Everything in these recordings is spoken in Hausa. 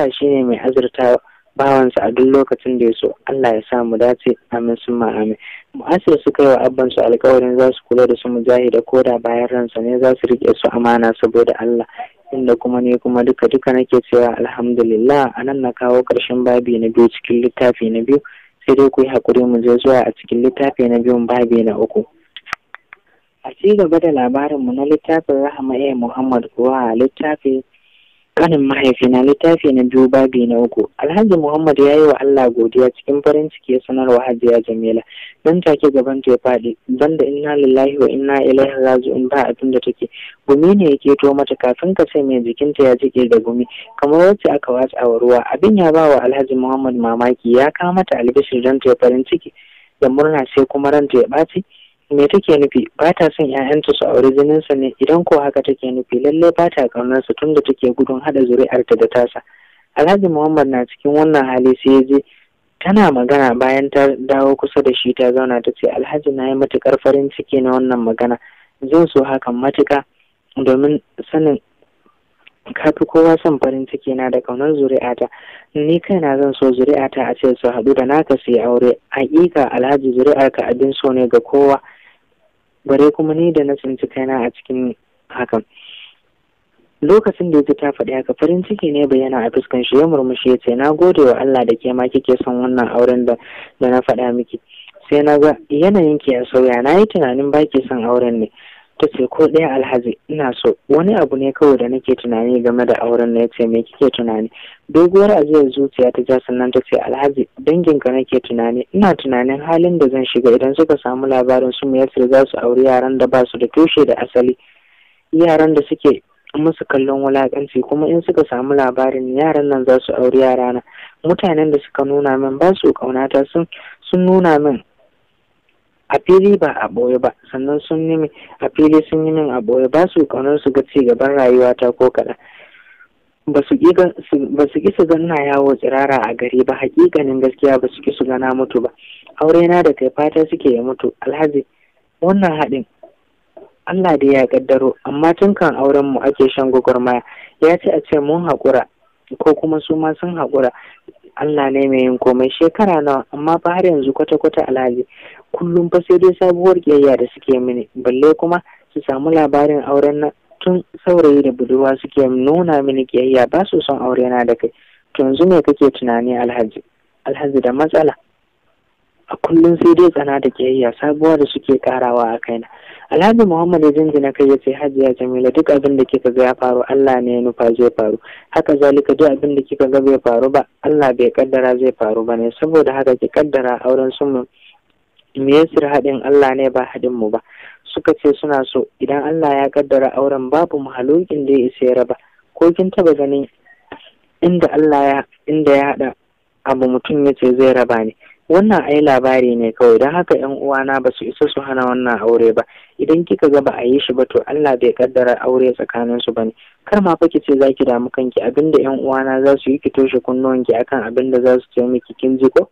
Allah ne mai azurta bawansa a duk lokacin da ya so Allah ya sa mu dace amin sun ma amin mu'asir suka yi wa abban su alkawarin za su kula da su mujahida ko da bayan ransa ne za su riƙe su amana saboda Allah inda kuma ne kuma duka duka nake cewa alhamdulillah a nan na kawo ƙarshen babi na biyu cikin littafi na biyu sai dai ku yi haƙuri mu je zuwa a cikin littafi na biyun babi na uku a ci gaba da labarinmu na littafin rahama a muhammad kuwa littafi kanin mahaifina littafi na biyu babi na uku alhaji muhammad ya yi wa allah godiya cikin farin ciki ya sanarwa hajiya jamila don take gaban ta ya faɗi ban da inna lillahi wa inna ilaihi raji'un ba abin da take gumi ne ya keto mata kafin ka sai mai jikinta ya jike da gumi kamar wacce aka watsa wa ruwa abin ya ba wa alhaji muhammad mamaki ya kama mata albishir dan ta farin ciki da murna sai kuma ranta ya ɓaci me take nufi ba ta son 'ya'yanta su auri sa ne idan ko haka take nufi lalle ba ta ƙaunarsa tunda take gudun haɗa zuri'arta da tasa alhaji muhammad na cikin wannan hali sai ya je tana magana bayan ta dawo kusa da shi ta zauna ta ce alhaji na yi matukar farin ciki na wannan magana zan so hakan matuka? domin sanin ka fi kowa son farin ciki na da kaunar zuri'ata ni kaina zan so zuri'ata a ce su haɗu da naka sai aure hakika alhaji zuri'arka abin so ne ga kowa bare kuma ni da na tsinci kaina a cikin hakan lokacin da ya ta faɗi haka farin ciki ne bayyana a fuskan shi ya murmushi ya ce na gode wa Allah da ke ma kike son wannan auren da na faɗa miki sai na ga yanayin ki ya sauya na yi tunanin ba ki son auren ne ta ce ko ɗaya alhazi ina so wani abu ne kawai da nake tunani game da auren na ya ce me kike tunani doguwar ajiyar zuciya ta ja sannan ta ce dangin ka nake tunani ina tunanin halin da zan shiga idan suka samu labarin su yasir za su auri yaran da ba su da tushe da asali yaran da suke musu kallon wulakanci kuma in suka samu labarin yaran nan za su auri yarana mutanen da suka nuna min ba su kaunata sun nuna min a fili ba a ɓoye ba sannan sun a fili sun yi min a ɓoye ba su ƙaunar su ga ci gaban rayuwa ta ko kaɗan ba su ƙi su na yawo tsirara a gari ba haƙiƙanin gaskiya ba su ƙi su gana mutu ba aure na da kai fata suke ya mutu alhaji wannan haɗin Allah da ya kaddaro amma tun kan auren mu ake shan gwagwarmaya ya ce a ce mun haƙura ko kuma su ma sun haƙura Allah ne mai yin komai shekara nawa amma ba har yanzu kwata-kwata alhaji kullum fa sai dai sabuwar kiyayya da suke mini balle kuma su samu labarin auren na tun saurayi da budurwa suke nuna mini kiyayya ba su son aure na da kai to yanzu me kake tunani alhaji alhaji da matsala a kullum sai dai tsana da kiyayya sabuwa da suke karawa a kaina alhaji muhammad ya jinjina kai ya ce hajiya jamila duk abin da kika ga ya faru allah ne ya nufa zai faru haka zalika duk abin da kika ga bai faru ba allah bai kaddara zai faru ba ne saboda haka ki kaddara auren sun yasir haɗin Allah ne ba haɗin mu ba suka ce suna so idan Allah ya kaddara auren babu mahalukin da ya isa ya raba ko kin taba ganin inda Allah ya inda ya haɗa abu mutum ya ce zai raba ne wannan ai labari ne kawai don haka yan uwana ba su isa su hana wannan aure ba idan kika ga ba a yi shi ba to Allah bai kaddara aure tsakanin su ne. kar ma fa ki ce zaki damu kanki abinda yan uwana za su yi ki toshe kunnuwanki akan abinda za su ce miki kin ji ko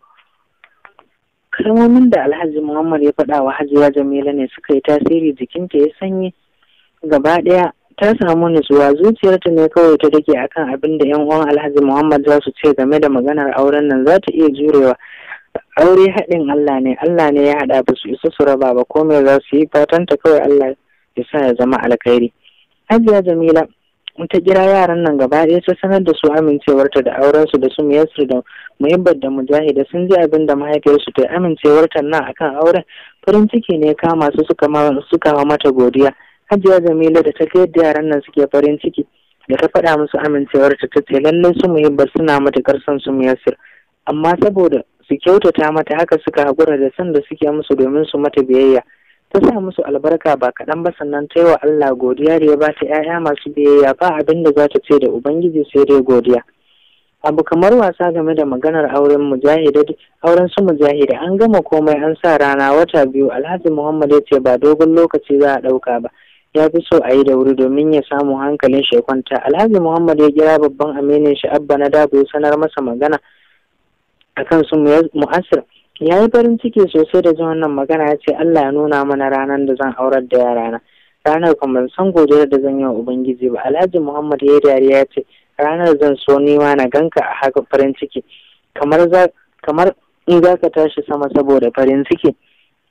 kalmomin da alhaji muhammad ya faɗa wa hajiya jamila ne suka yi tasiri jikinta ya sanyi gaba ɗaya ta samu nutsuwa zuciyarta ne kawai ta dake akan abin da yan uwan alhaji muhammad za su ce game da maganar auren nan za ta iya jurewa aure haɗin allah ne allah ne ya haɗa ba su isa su raba ba komai za su yi fatanta, kawai allah ya sa ya zama alkhairi hajiya jamila mun ta kira yaran nan gaba ɗaya ta sanar da su amincewarta da aurensu da su miyarsu da muhibbar da mujahida sun ji abin da mahaifiyarsu ta amincewarta nan akan auren farin ciki ne kama su suka ma mata godiya hajiya jamila da ta ga yadda yaran nan suke farin ciki da ta faɗa musu amincewarta ta ce lallai su muhibbar suna matuƙar son su miyarsu amma saboda su kyautata mata haka suka haƙura da son da suke musu domin su mata biyayya ta sa musu albarka ba kaɗan ba sannan ta yi wa Allah godiya da ya ba ta 'ya'ya masu biyayya ba abin da za ta ce da Ubangiji sai dai godiya. Abu kamar wasa game da maganar auren mujahida auren su mujahida an gama komai an sa rana wata biyu Alhaji Muhammad ya ce ba dogon lokaci za a ɗauka ba. Ya fi so a yi da wuri domin ya samu hankalin shi kwanta. Alhaji Muhammad ya kira babban aminin shi Abba na Dabo ya sanar masa magana akan su mu'asir. ya yi farin ciki sosai da jin wannan magana ya ce Allah ya nuna mana ranar da zan aurar da yarana ranar kuma ban san godiyar da zan yi wa ubangiji ba alhaji muhammad ya yi dariya ya ce ranar zan so nima na ganka a haka farin ciki kamar in za ka tashi sama saboda farin ciki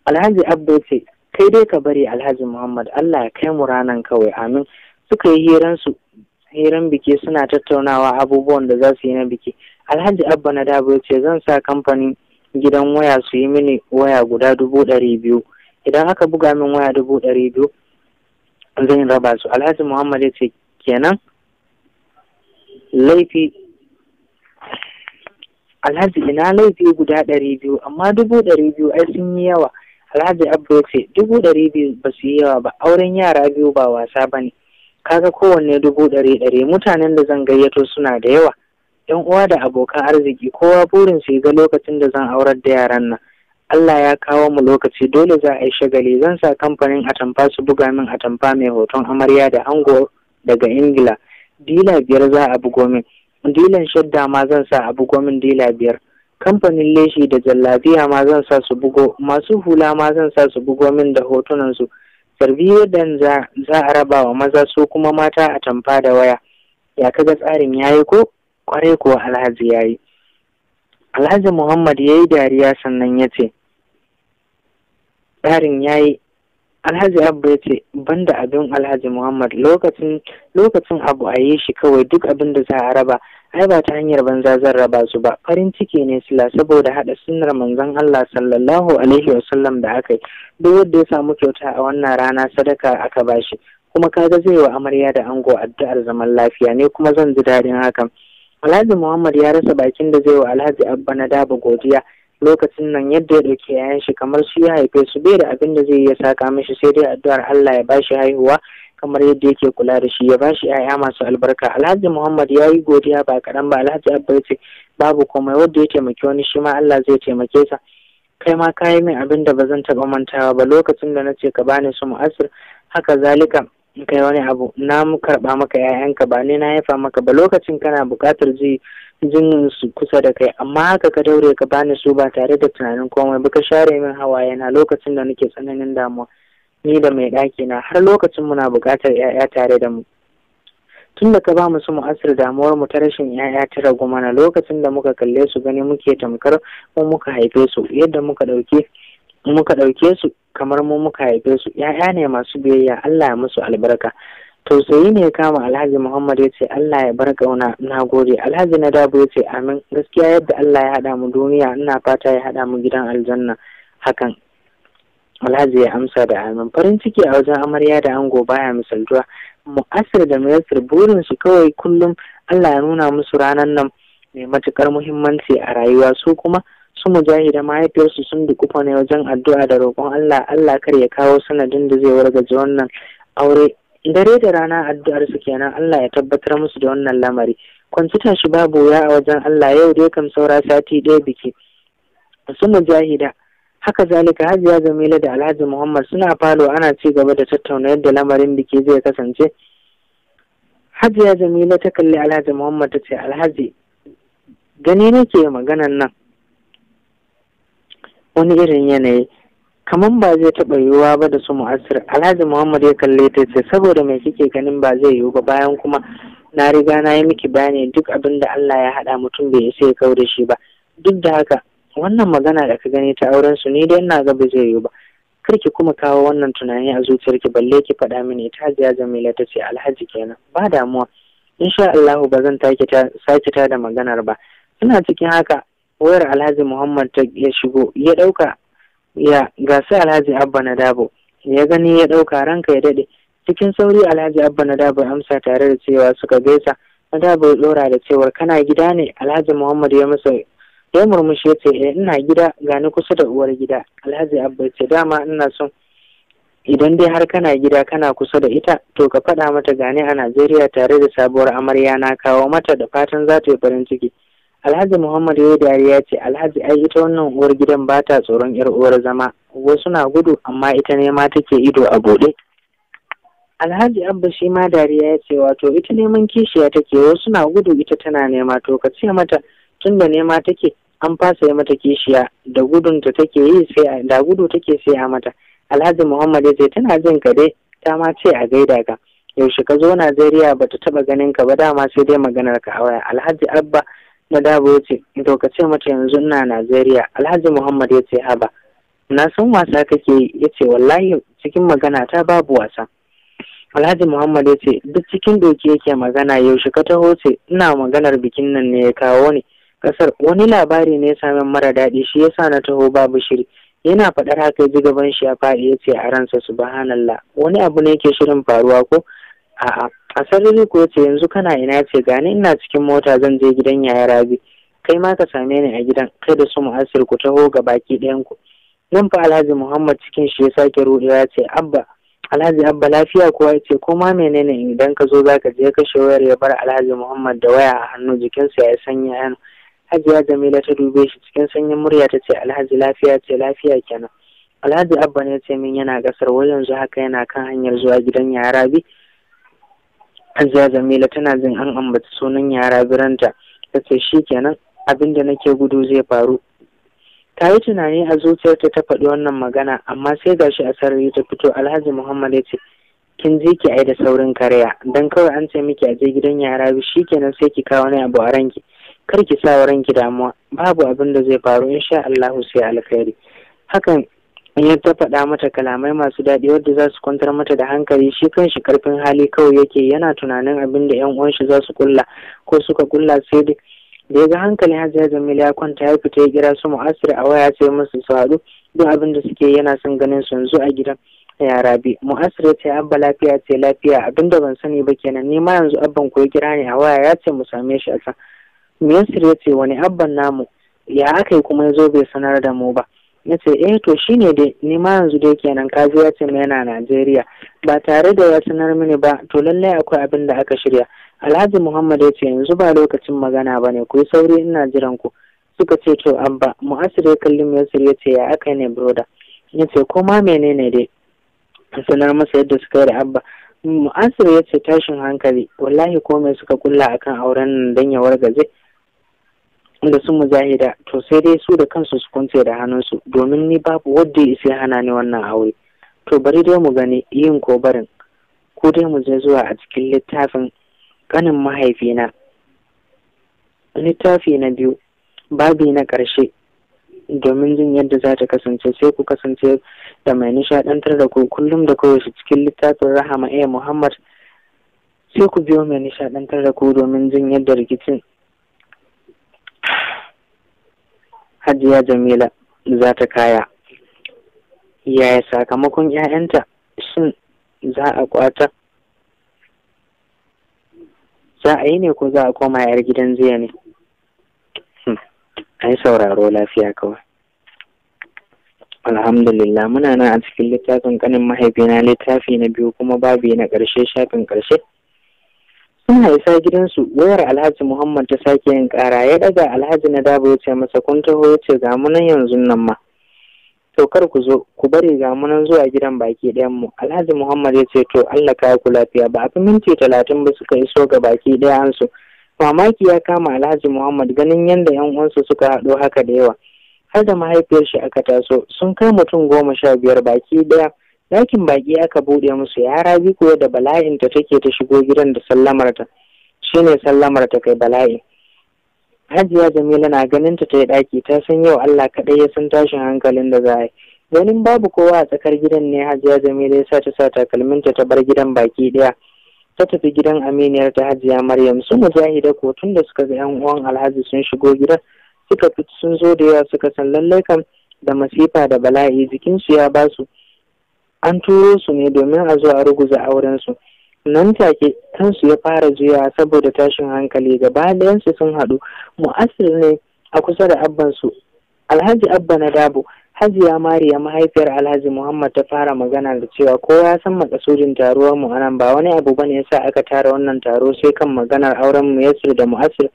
alhaji abba ce kai dai ka bari alhaji muhammad allah ya kai mu ranan kawai amin suka yi su hiran biki suna tattaunawa abubuwan da za su yi na biki alhaji abba na dabo ce zan sa kamfanin gidan waya su yi mini waya guda dubu ɗari biyu idan aka buga min waya dubu ɗari biyu zan raba su alhaji muhammad ya ce kenan laifi alhaji ina laifi guda ɗari biyu amma dubu ɗari biyu ai sun yi yawa alhaji abu ya ce dubu ɗari biyu ba su yi yawa ba auren yara biyu ba wasa ba ne kaga kowanne dubu ɗari ɗari mutanen da zan gayyato suna da yawa yan uwa da abokan arziki kowa burin su ga lokacin da zan aurar da yaran nan Allah ya kawo mu lokaci dole za a yi shagali zan sa kamfanin atamfa su buga min atamfa mai hoton amarya da ango daga ingila dila biyar za a bugo min dilan shadda ma zan sa a bugo min dila biyar kamfanin leshi da jallabiya ma zan sa su bugo masu hula ma zan sa su bugo min da hotunan su dan za a raba wa maza su kuma mata a tamfa da waya ya kaga tsarin yayi ko kwarai kuwa alhaji ya yi alhaji muhammad ya yi dariya sannan ya ce ɗarin ya yi alhaji abu ya ce banda abin alhaji muhammad lokacin abu a yi shi kawai duk abin da za a raba ai ba ta hanyar banza zan raba su ba farin ciki ne sila saboda haɗa sunnar manzon Allah sallallahu alaihi wasallam da aka yi duk wanda ya samu kyauta a wannan rana sadaka aka bashi kuma kaga zai wa amarya da ango addu'ar zaman lafiya ne kuma zan ji dadin hakan Alhaji Muhammad ya rasa bakin da zai wa Alhaji Abba na daba godiya lokacin nan yadda ya ɗauki yayan shi kamar su ya haife su bai da abin da zai iya saka mishi sai dai addu'ar Allah ya bashi haihuwa kamar yadda yake kula da shi ya bashi yaya masu albarka Alhaji Muhammad ya yi godiya ba kaɗan ba Alhaji Abba ya ce babu komai wanda ya taimaki wani shi ma Allah zai taimake sa kai ma ka yi min abin da ba zan taɓa mantawa ba lokacin da na ce ka bani su mu'asir haka zalika in kai wani abu na mu karɓa maka 'ya'yanka ba ne na haifa maka ba lokacin kana buƙatar ji jin su kusa da kai amma haka ka daure ka bani su ba tare da tunanin komai ba ka share min hawaye na lokacin da nake tsananin damuwa ni da mai ɗaki na har lokacin muna buƙatar 'ya'ya tare da mu tun da ka ba mu su mu'asir damuwar mu ta rashin 'ya'ya ta ragu mana lokacin da muka kalle su gani muke tamkar ko muka haife su yadda muka ɗauke muka ɗauke su kamar mu muka haife su ‘ya'ya ne masu biyayya Allah ya musu albarka tausayi ne kama alhaji muhammad ya ce Allah ya bar gauna na gode alhaji na dabo ya ce amin gaskiya yadda Allah ya haɗa mu duniya ina fata ya haɗa mu gidan aljanna hakan alhaji ya amsa da amin farin ciki a wajen amarya da ango baya misaltuwa mu'asir da muyassir burin su kawai kullum Allah ya nuna musu ranan nan mai matukar muhimmanci a rayuwa su kuma su mujahida mahaifiyarsu sun kufa ne wajen addu'a da roƙon Allah Allah kar ya kawo sanadin da zai wargaje wannan aure dare da rana addu'ar su kenan Allah ya tabbatar musu da wannan lamari kwanci tashi babu wuya a wajen Allah yau dai kam saura sati ɗaya biki su mujahida haka zalika hajiya jamila da alhaji muhammad suna falo ana ci gaba da tattauna yadda lamarin biki zai kasance hajiya jamila ta kalli alhaji muhammad ta ce alhaji gani nake maganan nan wani irin yanayi kamar ba zai taɓa yiwuwa ba da su mu'asir alhaji muhammad ya kalle ta ce saboda mai kike ganin ba zai yiwu ba bayan kuma na riga na yi miki bayani duk abin da allah ya haɗa mutum bai isa ya kau da shi ba duk da haka wannan magana da ka gani ta auren su ni dai na ga ba zai yiwu ba kar ki kuma kawo wannan tunani a zuciyarki balle ki faɗa mini ta ziya jamila ta ce alhaji kenan ba damuwa insha allahu ba zan sake ta da maganar ba ina cikin haka wayar alhaji muhammad ta ya shigo ya dauka ya gasu alhaji abba na dabo ya gani ya dauka ranka ya daɗe cikin sauri alhaji abba na dabo amsa tare da cewa suka gaisa na dabo ya dora da cewar kana gida ne alhaji muhammad ya masa ya murmushi ya ce eh, ina gida gani kusa da uwar gida alhaji abba ya ce dama ina son idan dai har kana gida kana kusa da ita to ka faɗa mata gane a najeriya tare da sabuwar amarya na kawo mata da fatan za ta yi farin ciki Alhaji Muhammad ya yi ya ce Alhaji ai ita wannan uwar gidan ba ta tsoron yar uwar zama wasu na gudu amma ita ne ma take ido a bude Alhaji Abba shi ma dariya ya ce wato ita neman kishiya take wasu na gudu ita tana nema to ka ce mata tun da nema take an fasa yi mata kishiya da gudun ta take yi sai da gudu take sai a mata. Alhaji Muhammad ya ce tana jin ka dai ta ma ce a gaida ka. Yaushe ka zo Najeriya bata taba ganin ka ba dama sai dai maganar ka a waya. Alhaji Abba Madabo ya ce, to ka ce mata yanzu ina Najeriya, Alhaji Muhammad ya ce haba. Na san wasa kake yi, ya ce wallahi cikin magana ta babu wasa. Alhaji Muhammad ya ce, duk cikin doki yake magana yaushe ka taho ce, ina maganar bikin nan ne ya kawo ni. Kasar wani labari ne samun mara daɗi shi yasa na taho babu shiri. Yana faɗar haka ji gaban shi ya faɗi ya ce a ransa subhanallah wani abu ne yake shirin faruwa ko? A'a a sarari ko ce yanzu kana ina ce gani ina cikin mota zan je gidan yaya rabi kai ma ka same ni a gidan kai da su mu'asir ku taho ga baki ɗayan ku nan fa alhaji muhammad cikin shi ya sake ruɗewa ya ce abba alhaji abba lafiya kuwa ya ce ko ma menene idan ka zo zaka je kashe wayar ya bar alhaji muhammad da waya a hannu jikinsa ya sanya yana hajiya jamila ta dube shi cikin sanyin murya ta ce alhaji lafiya ce lafiya kenan alhaji abba ne ya ce min yana gasar wai yanzu haka yana kan hanyar zuwa gidan yara rabi. Hajiya Jamila tana jin an ambata sunan yara biranta ta ce shi kenan abin da nake gudu zai faru. Ta yi tunani a zuciyarta ta faɗi wannan magana amma sai gashi a sarari ta fito Alhaji Muhammad ya ce kin je ki ai da saurin karya dan kawai an ce miki a je gidan yara bi shi kenan sai ki kawo ni abu a ranki kar ki sa wa ranki damuwa babu abin da zai faru insha Allah sai alkhairi hakan ya ta faɗa mata kalamai masu daɗi wadda za su kwantar mata da hankali shi kanshi karfin hali kawai yake yana tunanin abin da yan uwanshi za su kulla ko suka kulla sai da da ya ga hankalin hajiya jamila ya kwanta ya fita ya kira su mu'asir a waya sai musu su haɗu duk abin da suke yana son ganin su yanzu a gidan yara bi mu ya ce abba lafiya ce lafiya abin da ban sani ba kenan ni ma yanzu abban ko ya kira ni a waya ya ce mu same shi a can miyasir ya ce wani abban namu ya aka yi kuma ya zo bai sanar da mu ba na ce eh to shine dai ni ma yanzu dai kenan kaji ya ce mai yana najeriya ba tare da ya sanar mini ba to lallai akwai abin da aka shirya alhaji muhammad ya ce yanzu ba lokacin magana ba ne ku yi sauri ina jiran ku suka ce to abba mu'asir ya kalli yasir ya ce ya aka ne broda ya ce ko ma menene dai sanar masa yadda suka yi da abba mu'asir ya ce tashin hankali wallahi komai suka kulla akan auren nan dan ya wargaje da su mujahida to sai dai su da kansu su kunce da hannunsu domin ni babu wadda ya isa hana ni wannan aure to bari dai mu gani yin ko barin ko dai mu je zuwa a cikin littafin kanin mahaifina littafi na biyu babi na ƙarshe domin jin yadda za ta kasance sai ku kasance da mai nishaɗantar da ku kullum da koyaushe cikin littafin rahama a muhammad sai ku biyo mai nishaɗantar da ku domin jin yadda rikicin hajiya jamila za ta kaya yaya sakamakon 'ya'yanta shin za a kwata za a yi ne ko za a koma yar gidan jiya ne hmm, ai sauraro lafiya kawai alhamdulillah muna nan a cikin littafin kanin mahaifina littafi na biyu kuma babu na ƙarshe shafin ƙarshe suna isa gidansu wayar alhaji muhammad ta sake yin kara ya daga alhaji na dabo ya ce masa kun taho ya ce ga munan yanzu nan ma to kar ku zo ku bari ga munan zuwa gidan baki ɗayan mu alhaji muhammad ya ce to allah ka ku lafiya ba a fi minti talatin ba suka iso ga baki an su mamaki ya kama alhaji muhammad ganin yadda yan uwansu suka haɗo haka da yawa har da mahaifiyar shi aka taso sun kai mutum goma sha biyar baki ɗaya Dakin baƙi aka buɗe musu ya rabi biko da bala'in ta take ta shigo gidan da sallamar ta shine sallamar ta kai bala'i. Hajiya Jamila na ganin ta ta yi ɗaki ta san yau Allah kaɗai ya san tashin hankalin da za a Ganin babu kowa a tsakar gidan ne Hajiya Jamila ya sa ta sa takalmin ta ta bar gidan baki ɗaya. ta tafi gidan aminiyar ta hajiya maryam su mujahida ko tun da suka ga yan uwan alhaji sun shigo gidan suka sun zo da yawa suka san lallai kam da masifa da bala'i jikinsu ya basu an turo su ne domin a zo a ruguza aurensu nan take kansu ya fara juya saboda tashin hankali gaba su sun haɗu mu'asir ne a kusa da abbansu alhaji abba na dabo hajiya mariya mahaifiyar alhaji muhammad ta fara magana da cewa Ko ya san makasudin taruwar mu anan ba wani abu bane yasa aka tara wannan taro sai kan maganar auren mu yasir da mu'asir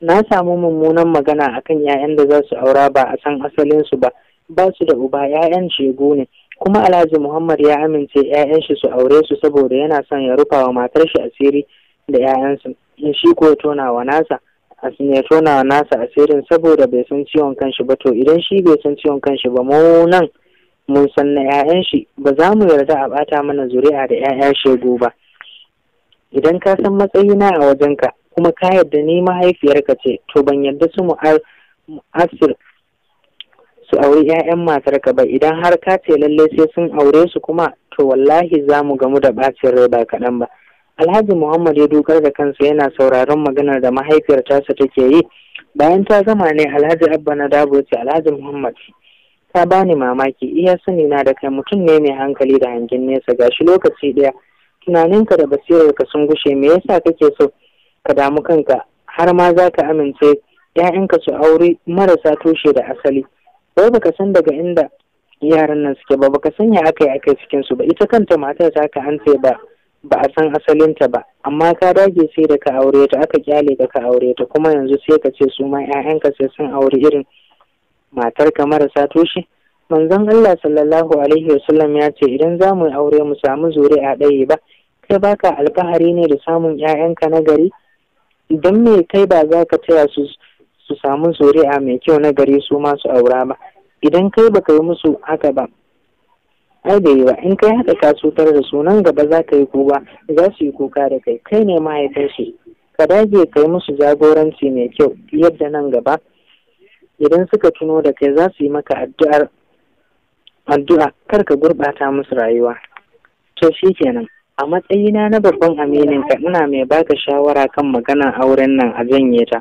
na samu mummunan magana akan 'ya'yan da za su aura ba a san asalin su ba ba su da uba 'ya'yan shegu ne kuma alhaji muhammad ya amince 'ya'yan shi su aure su saboda yana son ya rufa wa matar shi asiri da 'ya'yansu in shi ko tonawa nasa ya tona nasa asirin saboda bai san ciwon kanshi ba to idan shi bai san ciwon kanshi ba mu nan mun san na 'ya'yan shi ba za mu yarda a bata mana zuri'a da 'ya'ya shegu ba idan ka san matsayina a wajen ka, kuma ka yarda ni mahaifiyarka ce to ban yarda su mu asir su auri 'ya'yan matarka ba idan har ka ce lalle sai sun aure su kuma to wallahi za mu gamu da bacin rai ba kaɗan ba alhaji muhammad ya dukar da kansa yana sauraron maganar da mahaifiyar tasa take yi bayan ta gama ne alhaji abba na dabo ce alhaji muhammad ta bani mamaki iya sani na da kai mutum ne mai hankali da hangin nesa gashi lokaci ɗaya tunaninka da basirarka sun gushe me yasa kake so ka damu kanka har ma za ka amince 'ya'yanka su auri marasa tushe da asali wai baka san daga inda yaran nan suke ba baka ya aka yi aka cikin su ba ita kanta matar ta ka an ba ba a san asalinta ba amma ka dage sai da ka aure ta aka kyale da ka aure ta kuma yanzu sai ka ce su ma ƴaƴanka sai sun aure irin matar ka marasa tushe manzon Allah sallallahu alaihi wasallam ya ce idan za mu aure mu samu zuri'a ɗaya ba kai baka alfahari ne da samun ƴaƴanka na gari Idan me kai ba za ka taya su su samu zuri'a mai kyau na gari su masu su aura ba idan kai baka yi musu haka ba ai da yiwa in kai haka ka cutar da su nan gaba za ka yi kuka za su yi kuka da kai kai ne mahaifinsu ka dage kai musu jagoranci mai kyau yadda nan gaba idan suka tuno da kai za su yi maka addu'ar addu'a kar ka gurɓata musu rayuwa to shi kenan, a matsayina na babban aminin ka ina mai baka shawara kan maganar auren nan a janye ta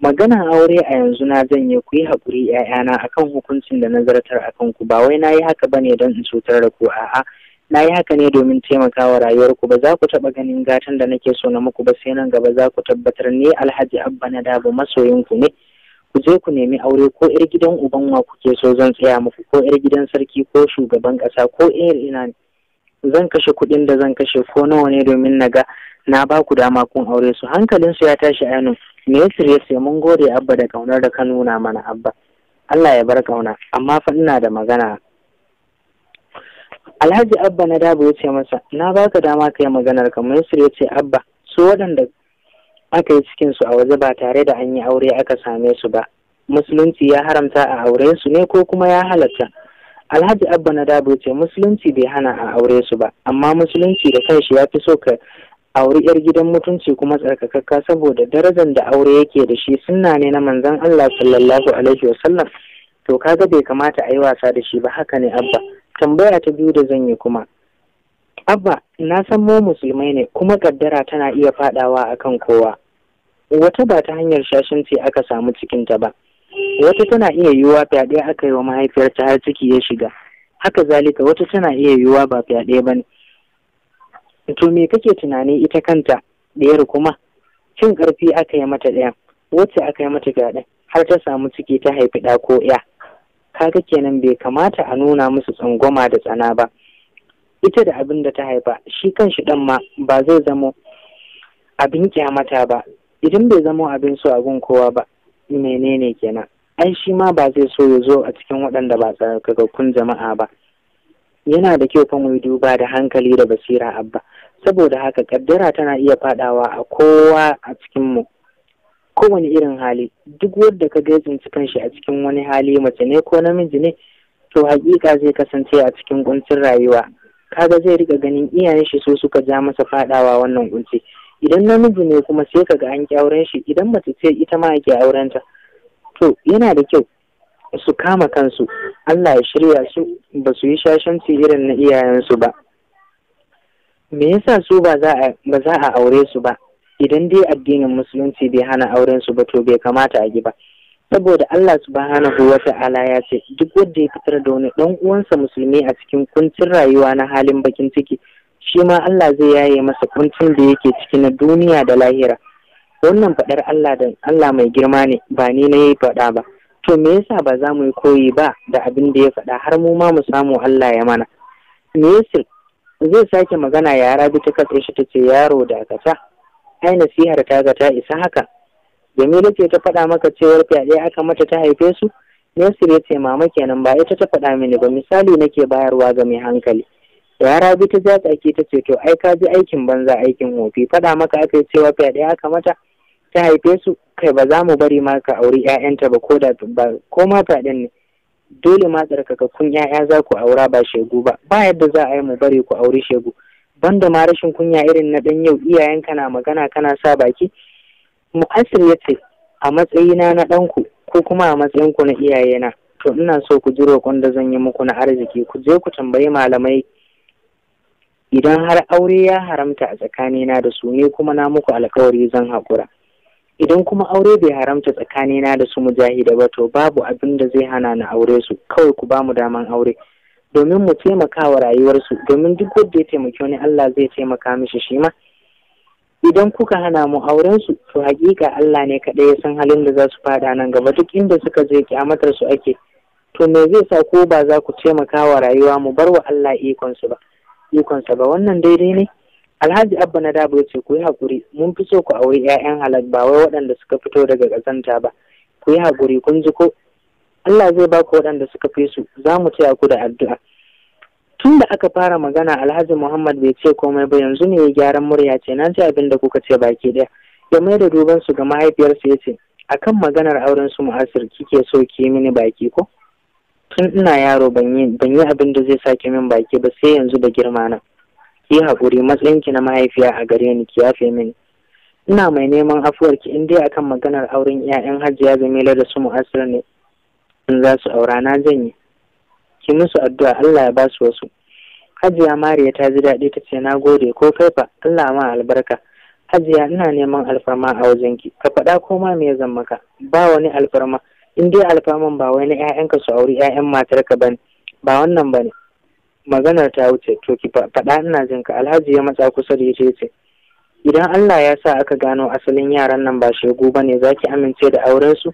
maganan aure a yanzu na zan yi ku yi haƙuri ‘ya'yana kan hukuncin da na zartar a ku. ba wai na yi haka ba ne don in cutar da ku a'a na yi haka ne domin taimakawa rayuwarku ba za ku taɓa ganin gatan da nake so na muku ba sai nan gaba za ku tabbatar ni alhaji abba na dabo masoyinku ne ku je ku nemi aure ko 'yar gidan uban wa kuke so zan tsaya muku ko 'yar gidan sarki ko shugaban ƙasa ko 'yar ina ne zan kashe kuɗin da zan kashe ko nawa ne domin na ga na ba ku dama kun aure su Hankalin su ya tashi ainu me yasir ya ce mun gode abba da kaunar da ka nuna mana abba Allah ya bar kauna amma fa ina da magana Alhaji Abba na dabo ya ce masa na baka dama ka yi maganar kamar Yusuf ya ce Abba su waɗanda aka yi cikin su a waje ba tare da an yi aure aka same su ba musulunci ya haramta a aure su ne ko kuma ya halatta Alhaji Abba na dabo ya ce musulunci bai hana a aure su ba amma musulunci da kanshi ya fi so ka auri yar gidan mutunci kuma tsarkakakka saboda darajar da aure yake da shi sunna ne na manzon Allah sallallahu alaihi wasallam to kaga bai kamata a yi wasa da shi ba haka ne abba tambaya ta biyu da zan yi kuma abba na san mu musulmai ne kuma kaddara tana iya fadawa akan kowa wata ba ta hanyar shashinci aka samu cikin ta ba wata tana iya yiwuwa fyaɗe aka yi wa mahaifiyarta har ciki ya shiga haka zalika wata tana iya yiwuwa ba fyaɗe ba ne to me kake tunani ita kanta ɗayar kuma cin ƙarfi aka yi mata ɗaya, wacce aka yi mata fyaɗe har ta samu ciki ta haifi ɗa ko ya kaga kenan bai kamata a nuna musu tsangwama da tsana ba ita da abin da ta haifa shi kan shi ɗan ma ba zai zamo abin kyamata ba idan bai zamo abin so abin kowa ba menene kenan ai shi ma ba zai so ya zo a cikin waɗanda ba tsarkakakkun jama'a ba yana da kyau fa mu duba da hankali da basira abba saboda haka kaddara tana iya fadawa a kowa a cikin mu kowane irin hali duk wanda ka ga tsinci shi a cikin wani hali mace ne ko namiji ne to hakika zai kasance a cikin kuncin rayuwa kaga zai rika ganin iyayen shi su suka ja masa fadawa wannan kunci idan namiji ne kuma sai kaga an kyauren shi idan mace ce ita ma ake aurenta to yana da kyau su kama kansu Allah ya shirya su ba su yi shashanci irin na iyayensu ba me yasa su ba za a aure su ba idan dai addinin musulunci bai hana auren su ba to bai kamata a yi ba saboda Allah subhanahu wata ala ya ce duk wanda ya fitar da wani dan uwansa musulmi a cikin kuncin rayuwa na halin bakin ciki shi ma Allah zai yaye masa kuncin da yake ciki na duniya da lahira wannan faɗar Allah da Allah mai girma ne ba ni na yi faɗa ba to me yasa ba za mu yi koyi ba da abin da ya faɗa har mu ma mu samu Allah ya mana me yasa zai sake magana ya rabi ta katse shi tace yaro da kata ai nasihar ta ga ta isa haka Jamila ce ta faɗa maka cewar fyaɗe aka mata ta haife su Nasir ya ce mama kenan ba ita ta faɗa mini ba misali nake bayarwa ga mai hankali ya rabi ta ja tsaki ta ce to ai ka ji aikin banza aikin wofi faɗa maka aka yi cewa fyaɗe aka mata ta haife su kai ba za mu bari ma ka auri 'ya'yanta ba ko da ba ko ma fadin ne dole ma tsarkakakkun 'ya'ya za ku aura ba shegu ba ba yadda za a yi mu bari ku auri shegu banda ma rashin kunya irin na ɗan yau iyayenka na magana kana sa baki mu ya ce a matsayina na ɗanku ko kuma a matsayinku na iyayena to ina so ku ji roƙon da zan yi muku na arziki ku je ku tambayi malamai idan har aure ya haramta a tsakanina da su ne kuma na muku alkawari zan haƙura idan kuma aure bai haramta tsakanina da su mujahida ba to babu abin da zai hana na aure su kawai ku bamu daman aure domin mu taimaka wa rayuwarsu domin duk wanda ya taimaki wani Allah zai taimaka mishi shi ma idan kuka hana mu aurensu, to hakika Allah ne kaɗai ya san halin da za su fada nan gaba duk inda suka je kyamatar su ake to me zai sa ko ba za ku taimaka wa rayuwa mu bar wa Allah ikon ba ikon ba wannan daidai ne Alhaji Abba na Dabo ce ku yi hakuri, mun fi so ku auri 'ya'yan halak ba wai waɗanda suka fito daga ƙazanta ba ku yi haƙuri kun ji ko Allah zai baku waɗanda suka fi su za mu taya ku da addu'a. Tun da aka fara magana Alhaji Muhammad bai ce komai ba yanzu ne ya gyaran murya ce na ji abin da kuka ce baki ɗaya. Ya mai da duban su ga mahaifiyarsa ya ce a kan maganar auren su mu'asir kike so ki yi mini baki ko? Tun ina yaro ban yi abin da zai sake min baki ba sai yanzu da girma na. ki haƙuri matsayinki na mahaifiya a gare ni ki yafe mini ina mai neman afuwarki in dai akan maganar auren 'ya'yan hajiya jamila da su mu'asir ne in za su aura na janye ki musu addu'a Allah ya basu wasu hajiya mariya ta ji daɗi ta ce na gode ko kai fa Allah ma albarka hajiya ina neman alfarma a wajenki ka faɗa ko ma me zan maka ba wani alfarma in dai alfarman ba wai na 'ya'yanka su auri 'ya'yan matarka bane ba wannan ba ne. maganar ta wuce to ki faɗa ina jin ka alhaji ya matsa kusa da yace ce idan Allah ya sa aka gano asalin yaran nan ba shegu ba ne za ki amince da auren su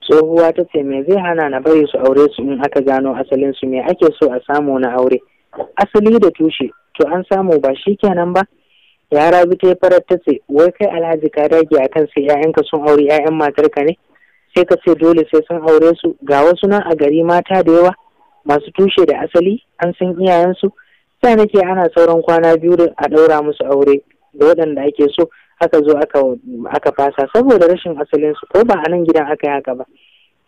tsohuwa ta ce me zai hana na bari su aure su in aka gano asalin su me ake so a samu na aure asali da tushe to an samu ba shi kenan ba yara bi ta farar ta ce wai kai alhaji ka dage akan sai 'ya'yanka sun aure 'ya'yan matarka ne sai ka ce dole sai sun aure su ga wasu nan a gari mata da yawa masu tushe da asali an san iyayensu sa nake ana sauran kwana biyu da a ɗaura musu aure da waɗanda ake so aka zo aka fasa saboda rashin asalinsu ko ba a nan gidan aka yi haka ba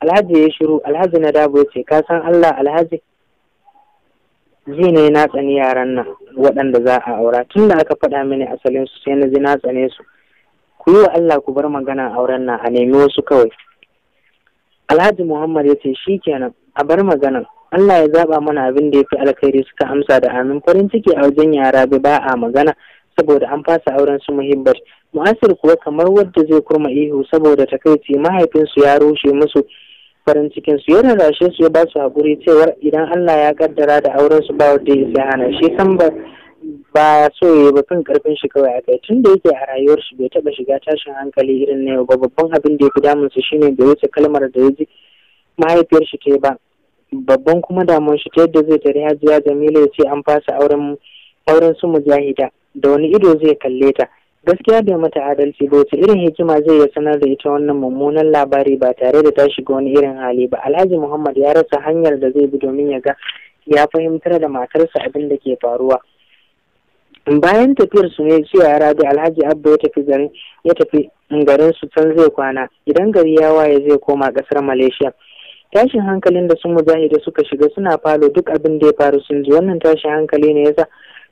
alhaji ya shiru alhaji na dabo ya ce ka san allah alhaji zai ne na tsani yaran nan waɗanda za a aura tun da aka faɗa mini asalinsu sai na ji na tsane su ku yi wa allah ku bar magana auren nan a nemi wasu kawai alhaji muhammad ya ce shi kenan a bar maganan Allah ya zaba mana abin da ya fi alkhairi suka amsa da amin farin ciki a wajen yara ba a magana saboda an fasa auren su muhibbat mu'asir kuwa kamar wadda zai kurma ihu saboda takaici mahaifinsu ya rushe musu farin cikin su ya rarrashe su ya ba su haƙuri cewar idan Allah ya kaddara da auren su ba wadda ya hana shi san ba ba so ya ba kan karfin shi kawai akai tun da yake a rayuwar shi bai taba shiga tashin hankali irin na yau ba babban abin da ya fi damun su shine bai wuce kalmar da ya ji mahaifiyar shi ke ba babban kuma damuwar shi ta yadda zai tare hajiya jamila ya ce an fasa auren auren su mujahida da wani ido zai kalle ta gaskiya bai mata adalci ba wace irin hikima zai ya sanar da ita wannan mummunan labari ba tare da ta shiga wani irin hali ba alhaji muhammad ya rasa hanyar da zai bi domin ya ga ya fahimtar da matarsa abin da ke faruwa bayan tafiyar su ne cewa ya rabi alhaji abba ya tafi garin ya tafi garin su can zai kwana idan gari ya waye zai koma ƙasar malaysia tashin hankalin da su da suka shiga suna falo duk abin da ya faru sun ji wannan tashin hankali ne yasa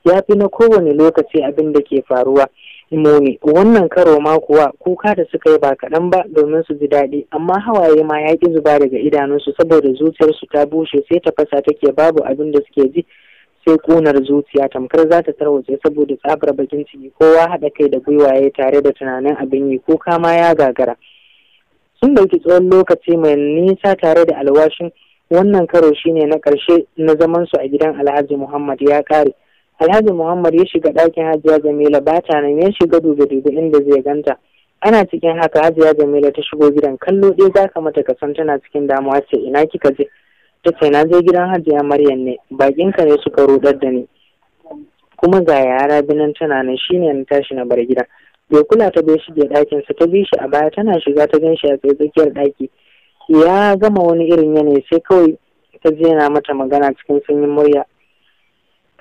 ya fi na kowane lokaci abin da ke faruwa muni wannan karo ma kuwa kuka da suka yi ba kaɗan ba domin su ji daɗi amma hawaye ma ya ƙi zuba daga idanunsu saboda zuciyarsu ta bushe sai ta fasa take babu abin da suke ji sai kunar zuciya tamkar za ta tarwace saboda tsabar bakin ciki kowa haɗa kai da gwiwaye tare da tunanin abin yi kuka ma ya gagara sun ɗauki tsawon lokaci mai nisa tare da alwashin wannan karo shine na ƙarshe na zaman su a gidan alhaji muhammad ya kare alhaji muhammad ya shiga ɗakin hajiya jamila ba ta nan ya shiga duba dube inda zai ganta ana cikin haka hajiya jamila ta shigo gidan kallo ɗaya za ka mata kasan tana cikin damuwa ce ina kika je ta ce na je gidan hajiya maryam ne ka ne suka ruɗar da ni kuma ga yara binan tana nan shine na tashi na bar gidan bai kula ta bai shige ɗakinsa ta bi shi a baya tana shiga ta gan shi a tsakiyar ɗaki ya gama wani irin yanayi sai kawai ta je na mata magana cikin sanyin murya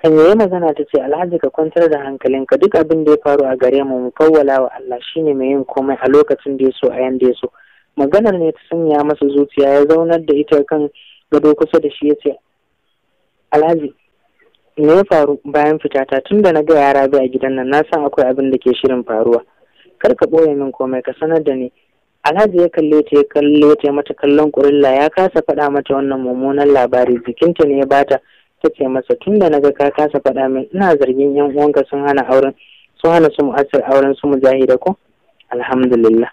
kan yayi magana ta ce alhaji ka kwantar da hankalinka duk abin da ya faru a gare mu mu kawwala wa Allah shine mai yin komai a lokacin da ya so a yanda ya so maganar ne ta sanya masa zuciya ya zaunar da ita kan gado kusa da shi ya ce alhaji me ya faru bayan fitata tun da na ga yara bi a gidan nan na san akwai abin da ke shirin faruwa kar ka ɓoye min komai ka sanar da ni alhaji ya kalle ta ya kalle ta mata kallon kurilla ya kasa faɗa mata wannan mummunan labari jikinta ne ya bata ta ce masa tun da na ga ka kasa faɗa min ina zargin yan uwanka sun hana auren sun hana su mu'assar auren su da ko alhamdulillah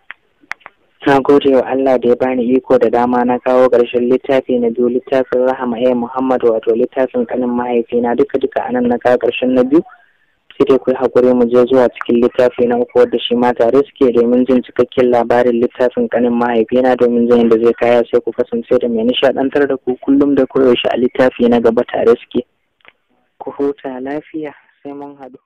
na gode wa Allah da ya bani iko da dama na kawo ƙarshen littafi na biyu littafin rahama ya eh, Muhammad wato littafin kanin mahaifina duka duka anan na kawo ƙarshen na biyu sai dai ku hakuri mu je zuwa cikin littafi na uku wadda shi ma tare suke domin jin cikakken labarin littafin kanin mahaifina domin jin da zai kaya sai ku kasance da mai nishaɗantar da ku kullum da koyaushe a littafi na gaba tare suke ku huta lafiya sai mun haɗu